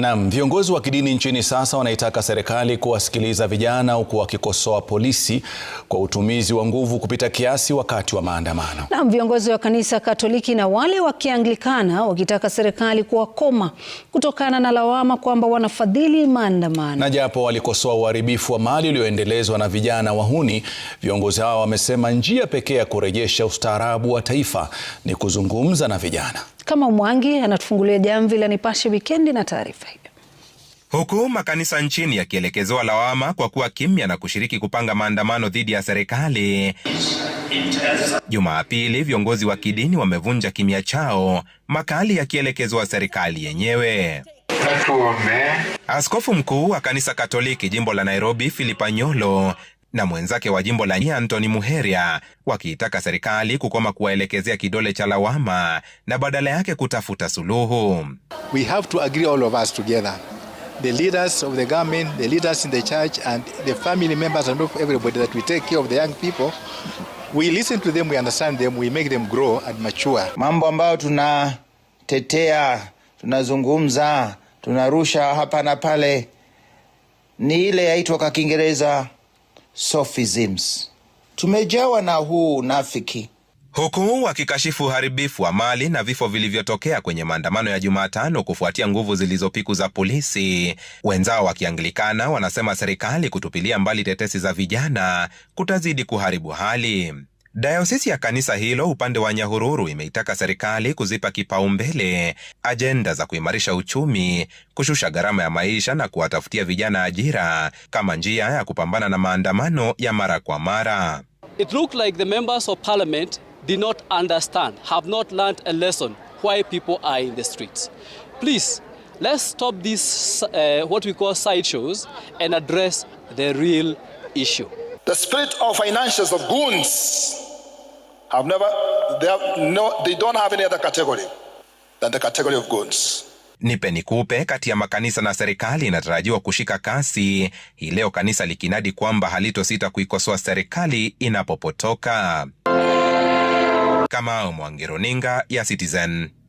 Naam, viongozi wa kidini nchini sasa wanaitaka serikali kuwasikiliza vijana huku wakikosoa polisi kwa utumizi wa nguvu kupita kiasi wakati wa maandamano. Naam, viongozi wa kanisa Katoliki na wale wa Kianglikana wakitaka serikali kuwakoma kutokana na lawama kwamba wanafadhili maandamano. Na japo walikosoa uharibifu wa mali ulioendelezwa na vijana wahuni, viongozi hao wamesema njia pekee ya kurejesha ustaarabu wa taifa ni kuzungumza na vijana. Kama Mwangi anatufungulia jamvi la Nipashe Wikendi na taarifa hiyo. Huku makanisa nchini yakielekezewa lawama kwa kuwa kimya na kushiriki kupanga maandamano dhidi ya serikali, Jumapili viongozi wa kidini wamevunja kimya chao, makali yakielekezwa serikali yenyewe. Askofu mkuu wa kanisa Katoliki jimbo la Nairobi Philip Anyolo na mwenzake wa jimbo la Nyeri Anthony Muheria wakiitaka serikali kukoma kuwaelekezea kidole cha lawama na badala yake kutafuta suluhu. We have to agree all of us together. The leaders of the government, the leaders in the church and the family members and everybody that we take care of the young people. We listen to them, we understand them, we make them grow and mature. Mambo ambayo tunatetea, tunazungumza, tunarusha hapa na pale ni ile yaitwa kwa Kiingereza sophisms. Tumejawa na huu unafiki huku wakikashifu uharibifu wa mali na vifo vilivyotokea kwenye maandamano ya Jumatano kufuatia nguvu zilizopiku za polisi. Wenzao wakianglikana wanasema serikali kutupilia mbali tetesi za vijana kutazidi kuharibu hali. Dayosisi ya kanisa hilo upande wa Nyahururu imeitaka serikali kuzipa kipaumbele ajenda za kuimarisha uchumi, kushusha gharama ya maisha na kuwatafutia vijana ajira kama njia ya kupambana na maandamano ya mara kwa mara. It looked like the members of parliament did not understand, have not learned a lesson why people are in the streets. Please, let's stop this uh, what we call and address the real issue. The spirit of of goons have never, they, have no, they don't have any other category than the category of goods. Nipe kupe kati ya makanisa na serikali inatarajiwa kushika kasi hii leo, kanisa likinadi kwamba halitosita kuikosoa serikali inapopotoka. kama Mwangi, runinga ya Citizen.